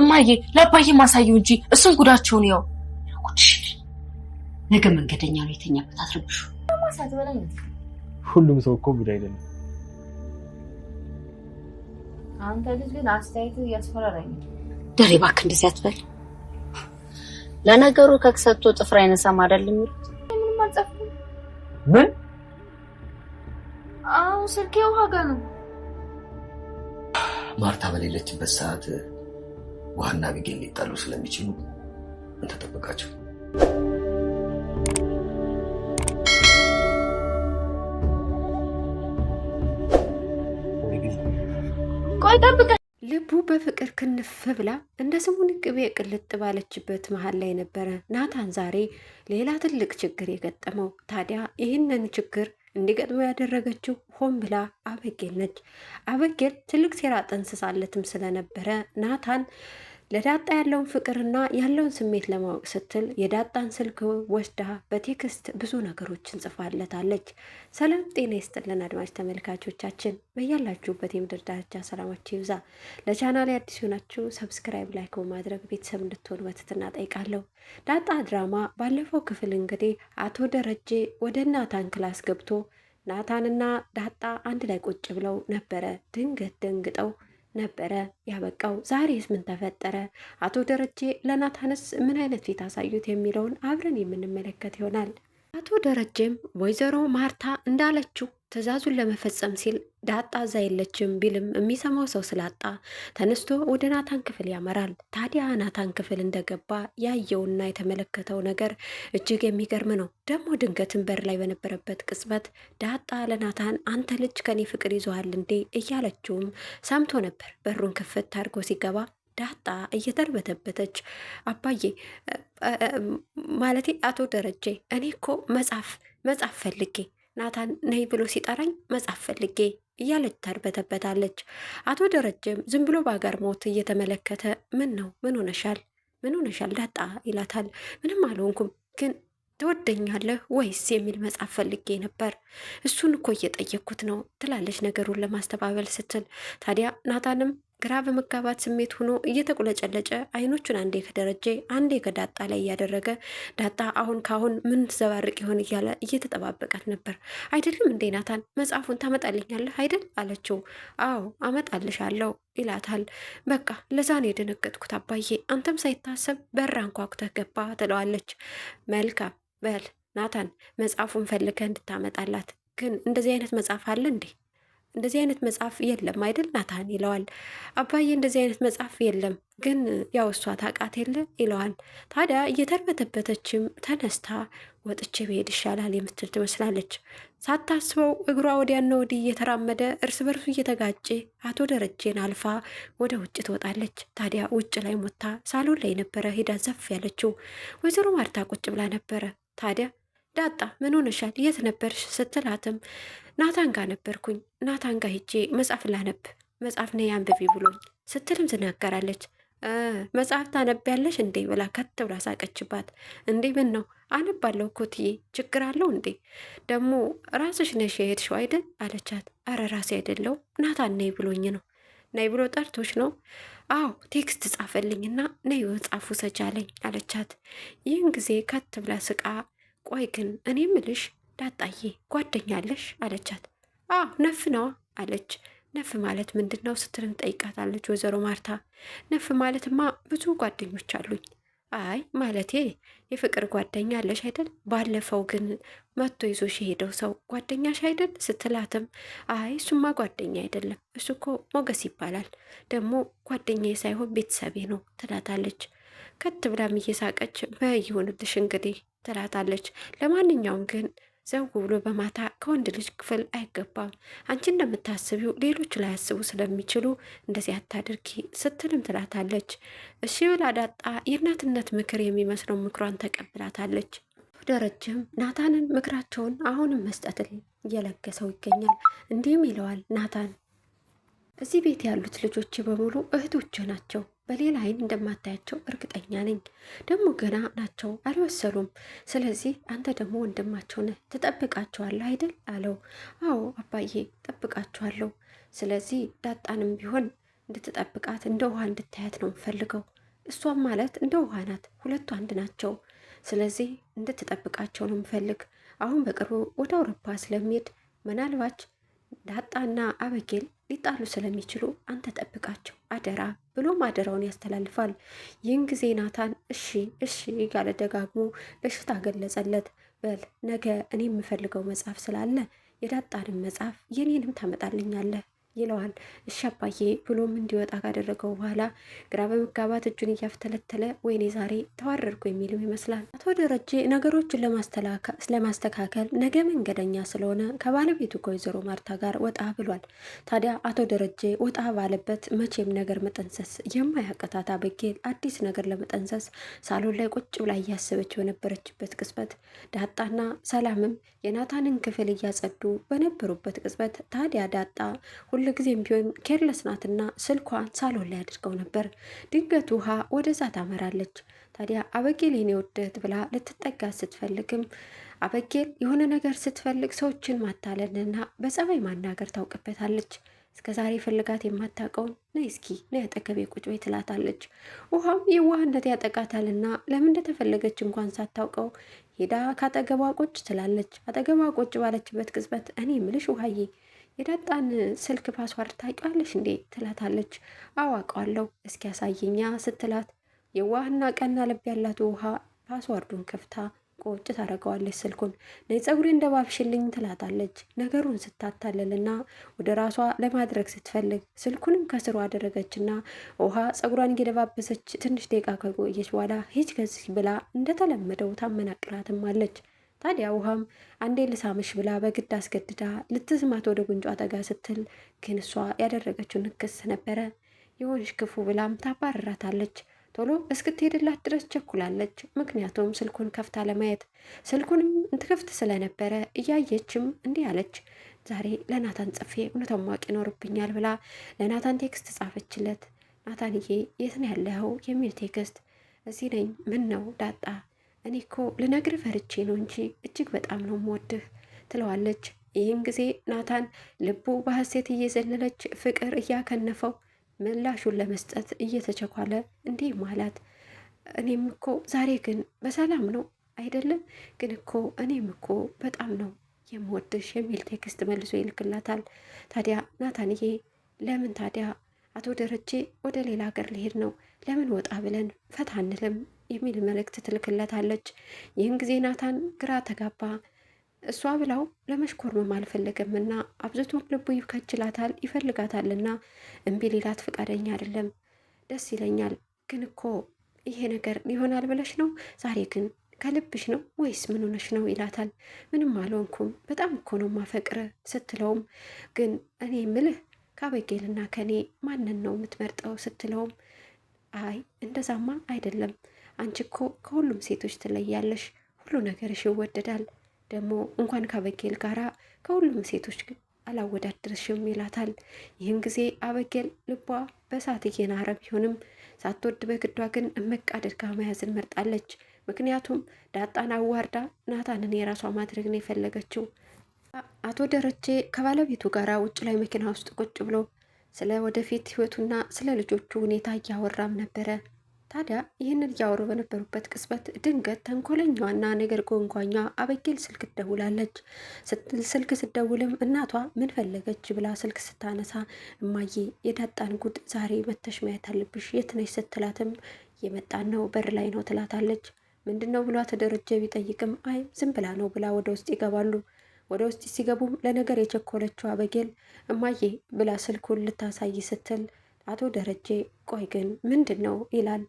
እማዬ ለአባዬ ማሳየው እንጂ እሱን ጉዳቸውን ያው ነገ መንገደኛ ነው የተኛበት አትረብሹ። ሁሉም ሰው እኮ ጉድ አይደለም። አንተ ልጅ ግን አስተያየቱ እያስፈራራኝ። ደሬ እባክህ እንደዚህ አትበል። ለነገሩ ከክሰቶ ጥፍር አይነሳም አይደል የሚሉት። ምንም ምን አዎ ስልኬ ውሃ ጋር ነው። ማርታ በሌለችበት ሰዓት ውሃና አቢጌል ሊጣሉ ስለሚችሉ እንተጠበቃቸው ልቡ በፍቅር ክንፍ ብላ እንደ ስሙን ቅቤ ቅልጥ ባለችበት መሀል ላይ ነበረ ናታን ዛሬ ሌላ ትልቅ ችግር የገጠመው። ታዲያ ይህንን ችግር እንዲገጥመው ያደረገችው ሆን ብላ አበጌል ነች። አበጌል ትልቅ ሴራ ጠንስሳለትም ስለነበረ ናታን ለዳጣ ያለውን ፍቅርና ያለውን ስሜት ለማወቅ ስትል የዳጣን ስልክ ወስዳ በቴክስት ብዙ ነገሮችን ጽፋለታለች። ሰላም ጤና ይስጥልን አድማጭ ተመልካቾቻችን በያላችሁበት የምድር ዳርቻ ሰላማችሁ ይብዛ። ለቻናል አዲስ የሆናችሁ ሰብስክራይብ፣ ላይክ በማድረግ ቤተሰብ እንድትሆኑ በትህትና ጠይቃለሁ። ዳጣ ድራማ ባለፈው ክፍል እንግዲህ አቶ ደረጀ ወደ ናታን ክላስ ገብቶ ናታንና ዳጣ አንድ ላይ ቁጭ ብለው ነበረ። ድንገት ደንግጠው ነበረ ያበቃው። ዛሬስ ምን ተፈጠረ? አቶ ደረጀ ለናታንስ ምን አይነት ፊት አሳዩት የሚለውን አብረን የምንመለከት ይሆናል። አቶ ደረጀም ወይዘሮ ማርታ እንዳለችው ትዕዛዙን ለመፈጸም ሲል ዳጣ እዛ የለችም ቢልም የሚሰማው ሰው ስላጣ ተነስቶ ወደ ናታን ክፍል ያመራል። ታዲያ ናታን ክፍል እንደገባ ያየውና የተመለከተው ነገር እጅግ የሚገርም ነው። ደግሞ ድንገትን በር ላይ በነበረበት ቅጽበት ዳጣ ለናታን አንተ ልጅ ከኔ ፍቅር ይዞሃል እንዴ እያለችውም ሰምቶ ነበር። በሩን ክፍት አድርጎ ሲገባ ዳጣ እየተርበተበተች አባዬ ማለቴ አቶ ደረጀ እኔ እኮ መጽሐፍ መጽሐፍ ፈልጌ ናታን ነይ ብሎ ሲጠራኝ መጽሐፍ ፈልጌ እያለች ተርበተበታለች አቶ ደረጀም ዝም ብሎ በአገር ሞት እየተመለከተ ምን ነው ምን ሆነሻል? ምን ሆነሻል ዳጣ ይላታል። ምንም አልሆንኩም፣ ግን ትወደኛለህ ወይስ የሚል መጽሐፍ ፈልጌ ነበር። እሱን እኮ እየጠየቅኩት ነው ትላለች ነገሩን ለማስተባበል ስትል ታዲያ ናታንም ግራ በመጋባት ስሜት ሆኖ እየተቁለጨለጨ አይኖቹን አንዴ ከደረጀ አንዴ ከዳጣ ላይ እያደረገ ዳጣ አሁን ካሁን ምን ትዘባርቅ ይሆን እያለ እየተጠባበቃት ነበር። አይደለም እንዴ ናታን መጽሐፉን ታመጣልኛለህ አይደል አለችው። አዎ አለው ይላታል። በቃ ለዛን የደነገጥኩት አባዬ፣ አንተም ሳይታሰብ በር አንኳኩተህ ገባ ትለዋለች። መልካም በል ናታን መጽሐፉን ፈልገህ እንድታመጣላት ግን እንደዚህ አይነት መጽሐፍ አለ እንዴ እንደዚህ አይነት መጽሐፍ የለም አይደል ናታን ይለዋል። አባዬ እንደዚህ አይነት መጽሐፍ የለም ግን ያው እሷ ታውቃት የለ ይለዋል። ታዲያ እየተርበተበተችም ተነስታ ወጥቼ ብሄድ ይሻላል የምትል ትመስላለች። ሳታስበው እግሯ ወዲያና ወዲህ እየተራመደ እርስ በርሱ እየተጋጨ አቶ ደረጀን አልፋ ወደ ውጭ ትወጣለች። ታዲያ ውጭ ላይ ሞታ ሳሎን ላይ ነበረ ሄዳ ዘፍ ያለችው። ወይዘሮ ማርታ ቁጭ ብላ ነበረ። ታዲያ ዳጣ ምን ሆነሻል? የት ነበርሽ? ስትላትም ናታን ጋር ነበርኩኝ። ናታን ጋር ሂጄ መጽሐፍ ላነብ መጽሐፍ ነይ አንብቢ ብሎኝ ስትልም ትናገራለች። መጽሐፍ ታነቢያለሽ እንዴ ብላ ከት ብላ ሳቀችባት። እንዴ ምን ነው አነባለሁ እኮ ትዬ ችግር አለው እንዴ? ደግሞ ራስሽ ነሽ የሄድሽው አይደል አለቻት። አረ ራሴ አይደለው ናታን ነይ ብሎኝ ነው። ነይ ብሎ ጠርቶች ነው? አዎ ቴክስት ጻፈልኝና ነይ ጻፉ ሰጃለኝ አለቻት። ይህን ጊዜ ከት ብላ ስቃ ቆይ ግን እኔ ምልሽ ዳጣዬ ጓደኛለሽ አለቻት። አዎ ነፍ ነዋ አለች። ነፍ ማለት ምንድን ነው ስትልም ጠይቃታለች ወይዘሮ ማርታ። ነፍ ማለትማ ብዙ ጓደኞች አሉኝ። አይ ማለቴ የፍቅር ጓደኛ አለሽ አይደል? ባለፈው ግን መጥቶ ይዞሽ የሄደው ሰው ጓደኛሽ አይደል ስትላትም፣ አይ እሱማ ጓደኛ አይደለም፣ እሱ እኮ ሞገስ ይባላል። ደግሞ ጓደኛዬ ሳይሆን ቤተሰቤ ነው ትላታለች። ከት ብላም እየሳቀች በይሁንልሽ እንግዲህ ትላታለች። ለማንኛውም ግን ዘው ብሎ በማታ ከወንድ ልጅ ክፍል አይገባም። አንቺ እንደምታስቢው ሌሎች ላያስቡ ስለሚችሉ እንደዚህ አታድርጊ ስትልም ትላታለች። እሺ ብላ ዳጣ የእናትነት ምክር የሚመስለው ምክሯን ተቀብላታለች። ደረጀም ናታንን ምክራቸውን አሁንም መስጠትን እየለገሰው ይገኛል። እንዲህም ይለዋል ናታን እዚህ ቤት ያሉት ልጆች በሙሉ እህቶች ናቸው። በሌላ አይን እንደማታያቸው እርግጠኛ ነኝ። ደግሞ ገና ናቸው አልበሰሉም። ስለዚህ አንተ ደግሞ ወንድማቸው ነህ ትጠብቃቸዋለህ አይደል አለው። አዎ አባዬ ጠብቃቸዋለሁ። ስለዚህ ዳጣንም ቢሆን እንድትጠብቃት እንደ ውሃ እንድታያት ነው የምፈልገው። እሷም ማለት እንደ ውሃ ናት። ሁለቱ አንድ ናቸው። ስለዚህ እንድትጠብቃቸው ነው የምፈልግ። አሁን በቅርቡ ወደ አውሮፓ ስለሚሄድ ምናልባች ዳጣና አበጌል ሊጣሉ ስለሚችሉ አንተ ጠብቃቸው አደራ ብሎ ማደራውን ያስተላልፋል። ይህን ጊዜ ናታን እሺ እሺ ያለ ደጋግሞ በሽታ ገለጸለት። በል ነገ እኔ የምፈልገው መጽሐፍ ስላለ የዳጣንም መጽሐፍ የኔንም ታመጣልኛለህ ይለዋል። እሺ አባዬ ብሎም እንዲወጣ ካደረገው በኋላ ግራ በመጋባት እጁን እያፍተለተለ ወይኔ ዛሬ ተዋረድኩ የሚልም ይመስላል። አቶ ደረጀ ነገሮችን ለማስተካከል ነገ መንገደኛ ስለሆነ ከባለቤቱ ከወይዘሮ ማርታ ጋር ወጣ ብሏል። ታዲያ አቶ ደረጀ ወጣ ባለበት መቼም ነገር መጠንሰስ የማያቀታት አበጌል አዲስ ነገር ለመጠንሰስ ሳሎን ላይ ቁጭ ብላ እያሰበች በነበረችበት ቅጽበት ዳጣና ሰላምም የናታንን ክፍል እያጸዱ በነበሩበት ቅጽበት ታዲያ ዳጣ ሁልጊዜም ቢሆን ኬርለስ ናትና ስልኳን ሳሎን ላይ አድርገው ነበር። ድንገት ውሃ ወደዛ ታመራለች። ታዲያ አበጌል የኔ ውደት ብላ ልትጠጋ ስትፈልግም አበጌል የሆነ ነገር ስትፈልግ ሰዎችን ማታለልና በጸባይ ማናገር ታውቅበታለች። እስከ ዛሬ ፈልጋት የማታውቀውን ነይ እስኪ ነይ አጠገቤ ቁጭ በይ ትላታለች። ውሃም የዋህነት ያጠቃታልና ለምን እንደተፈለገች እንኳን ሳታውቀው ሄዳ ካጠገቧ ቁጭ ትላለች። አጠገቧ ቁጭ ባለችበት ቅጽበት እኔ ምልሽ ውሃዬ የዳጣን ስልክ ፓስዋርድ ታውቂዋለሽ እንዴ ትላታለች። አዋቀዋለሁ እስኪ ያሳየኛ ስትላት የዋህና ቀና ልብ ያላት ውሃ ፓስዋርዱን ከፍታ ቆጭ ታደርገዋለች። ስልኩን ነይ ፀጉሬ እንደባብሽልኝ ትላታለች። ነገሩን ስታታልልና ወደ ራሷ ለማድረግ ስትፈልግ ስልኩንም ከስሩ አደረገችና ውሃ ፀጉሯን እየደባበሰች ትንሽ ደቂቃ ከቆየች በኋላ ሂጅ ከዚህ ብላ እንደተለመደው ታመናቅራትም አለች። ታዲያ ውሃም አንዴ ልሳምሽ ብላ በግድ አስገድዳ ልትስማት ወደ ጉንጯ ጠጋ ስትል ግን እሷ ያደረገችው ንክስ ነበረ። የሆንሽ ክፉ ብላም ታባርራታለች። ቶሎ እስክትሄድላት ድረስ ቸኩላለች። ምክንያቱም ስልኩን ከፍታ ለማየት ስልኩንም እንትከፍት ስለነበረ እያየችም እንዲህ አለች፣ ዛሬ ለናታን ጽፌ እውነታውን ማወቅ ይኖርብኛል ብላ ለናታን ቴክስት ጻፈችለት። ናታንዬ የት ነው ያለኸው? የሚል ቴክስት። እዚህ ነኝ፣ ምን ነው ዳጣ እኔ እኮ ልነግር ፈርቼ ነው እንጂ እጅግ በጣም ነው የምወድህ ትለዋለች። ይህን ጊዜ ናታን ልቡ በሐሴት እየዘለለች ፍቅር እያከነፈው ምላሹን ለመስጠት እየተቸኳለ እንዲህ ማላት እኔም እኮ ዛሬ ግን በሰላም ነው አይደለም ግን እኮ እኔም እኮ በጣም ነው የምወድሽ የሚል ቴክስት መልሶ ይልክላታል። ታዲያ ናታንዬ ለምን ታዲያ አቶ ደረጀ ወደ ሌላ ሀገር ሊሄድ ነው ለምን ወጣ ብለን ፈታ አንልም የሚል መልእክት ትልክለታለች። ይህን ጊዜ ናታን ግራ ተጋባ። እሷ ብላው ለመሽኮርመም እና አብዝቶ ልቡ ይከችላታል ይፈልጋታልና እምቢ ሌላት ፈቃደኛ አይደለም። ደስ ይለኛል ግን እኮ ይሄ ነገር ይሆናል ብለሽ ነው? ዛሬ ግን ከልብሽ ነው ወይስ ምን ሆነሽ ነው ይላታል። ምንም አልሆንኩም በጣም እኮ ነው ማፈቅር ስትለውም፣ ግን እኔ ምልህ ከአበጌልና ከእኔ ማንን ነው የምትመርጠው ስትለውም አይ እንደዛማ አይደለም፣ አንቺ እኮ ከሁሉም ሴቶች ትለያለሽ፣ ሁሉ ነገርሽ ይወደዳል፣ ደግሞ እንኳን ከአበጌል ጋራ ከሁሉም ሴቶች አላወዳድርሽም ይላታል። ይህን ጊዜ አበጌል ልቧ በሳት እየናረ ቢሆንም ሳትወድ በግዷ ግን እምቅ አድርጋ መያዝን መርጣለች። ምክንያቱም ዳጣን አዋርዳ ናታንን የራሷ ማድረግ ነው የፈለገችው። አቶ ደረጀ ከባለቤቱ ጋር ውጭ ላይ መኪና ውስጥ ቁጭ ብሎ ስለ ወደፊት ህይወቱና ስለ ልጆቹ ሁኔታ እያወራም ነበረ። ታዲያ ይህንን እያወሩ በነበሩበት ቅጽበት ድንገት ተንኮለኛዋና ነገር ጎንጓኛ አበጌል ስልክ ትደውላለች። ስልክ ስደውልም እናቷ ምን ፈለገች ብላ ስልክ ስታነሳ እማዬ የዳጣን ጉድ ዛሬ መተሽ ማየት አለብሽ፣ የት ነሽ ስትላትም የመጣን ነው በር ላይ ነው ትላታለች። ምንድን ነው ተደረጀ ቢጠይቅም አይ ዝም ብላ ነው ብላ ወደ ውስጥ ይገባሉ። ወደ ውስጥ ሲገቡም ለነገር የቸኮለችው አበጌል እማዬ ብላ ስልኩን ልታሳይ ስትል አቶ ደረጀ ቆይ ግን ምንድን ነው ይላል።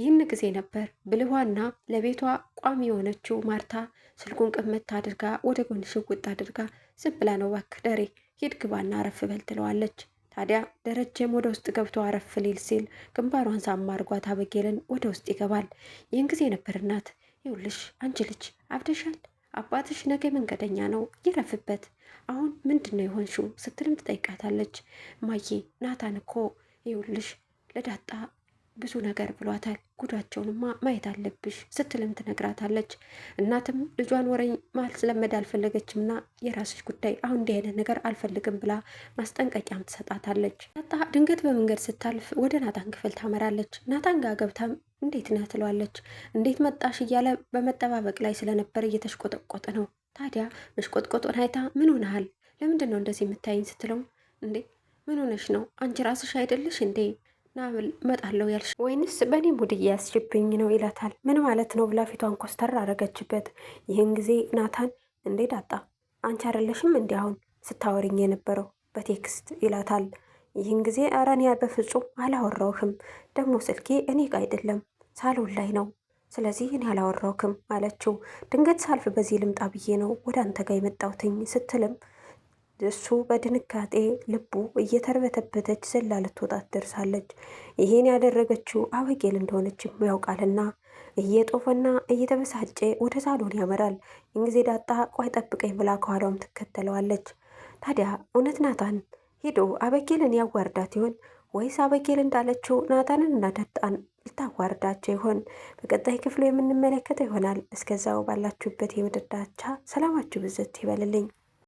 ይህን ጊዜ ነበር ብልኋና ለቤቷ ቋሚ የሆነችው ማርታ ስልኩን ቅምት አድርጋ ወደ ጎን ሽውጥ አድርጋ ዝም ብላ ነው እባክህ ደሬ ሂድ ግባና አረፍ በል ትለዋለች። ታዲያ ደረጀም ወደ ውስጥ ገብቶ አረፍ ሊል ሲል ግንባሯን ሳማ አድርጓት አበጌልን ወደ ውስጥ ይገባል። ይህን ጊዜ ነበር እናት ይኸውልሽ አንቺ ልጅ አብደሻል አባትሽ ነገ መንገደኛ ነው ይረፍበት፣ አሁን ምንድን ነው የሆንሽው ስትልም ትጠይቃታለች። ማዬ ናታን እኮ ይውልሽ ለዳጣ ብዙ ነገር ብሏታል፣ ጉዳቸውንማ ማየት አለብሽ ስትልም ትነግራታለች። እናትም ልጇን ወሬ ማስለመድ አልፈለገችምና የራስሽ ጉዳይ አሁን እንዲህ አይነት ነገር አልፈልግም ብላ ማስጠንቀቂያም ትሰጣታለች። ዳጣ ድንገት በመንገድ ስታልፍ ወደ ናታን ክፍል ታመራለች። ናታን ጋር ገብታም እንዴት ነህ ትለዋለች። እንዴት መጣሽ እያለ በመጠባበቅ ላይ ስለነበር እየተሽቆጠቆጠ ነው። ታዲያ መሽቆጥቆጦን አይታ ምን ሆነሃል? ለምንድን ነው እንደዚህ የምታይኝ ስትለው እንዴ ምን ሆነሽ ነው? አንቺ ራስሽ አይደለሽ እንዴ ና መጣለው ያልሽ ወይንስ በእኔ ሙድ እያስችብኝ ነው ይላታል። ምን ማለት ነው ብላ ፊቷን ኮስተር አረገችበት። ይህን ጊዜ ናታን እንዴ ዳጣ አንቺ አይደለሽም እንዲ አሁን ስታወሪኝ የነበረው በቴክስት ይላታል። ይህን ጊዜ አረ በፍጹም አላወራውህም ደግሞ ስልኬ እኔ ጋ አይደለም ሳሎን ላይ ነው። ስለዚህ እኔ አላወራውክም አለችው። ድንገት ሳልፍ በዚህ ልምጣ ብዬ ነው ወደ አንተ ጋር የመጣውትኝ ስትልም እሱ በድንጋጤ ልቡ እየተርበተበተች ዘላ ልትወጣት ደርሳለች። ይሄን ያደረገችው አበጌል እንደሆነችም ያውቃልና እየጦፈና እየተበሳጨ ወደ ሳሎን ያመራል። ይህን ጊዜ ዳጣ ቆይ ጠብቀኝ ብላ ከኋላውም ትከተለዋለች። ታዲያ እውነት ናታን ሄዶ አበጌልን ያዋርዳት ይሆን? ወይስ አበጌል እንዳለችው ናታንን እና ዳጣን ልታዋርዳቸው ይሆን? በቀጣይ ክፍሉ የምንመለከተው ይሆናል። እስከዛው ባላችሁበት የምድር ዳርቻ ሰላማችሁ ብዝት ይበልልኝ።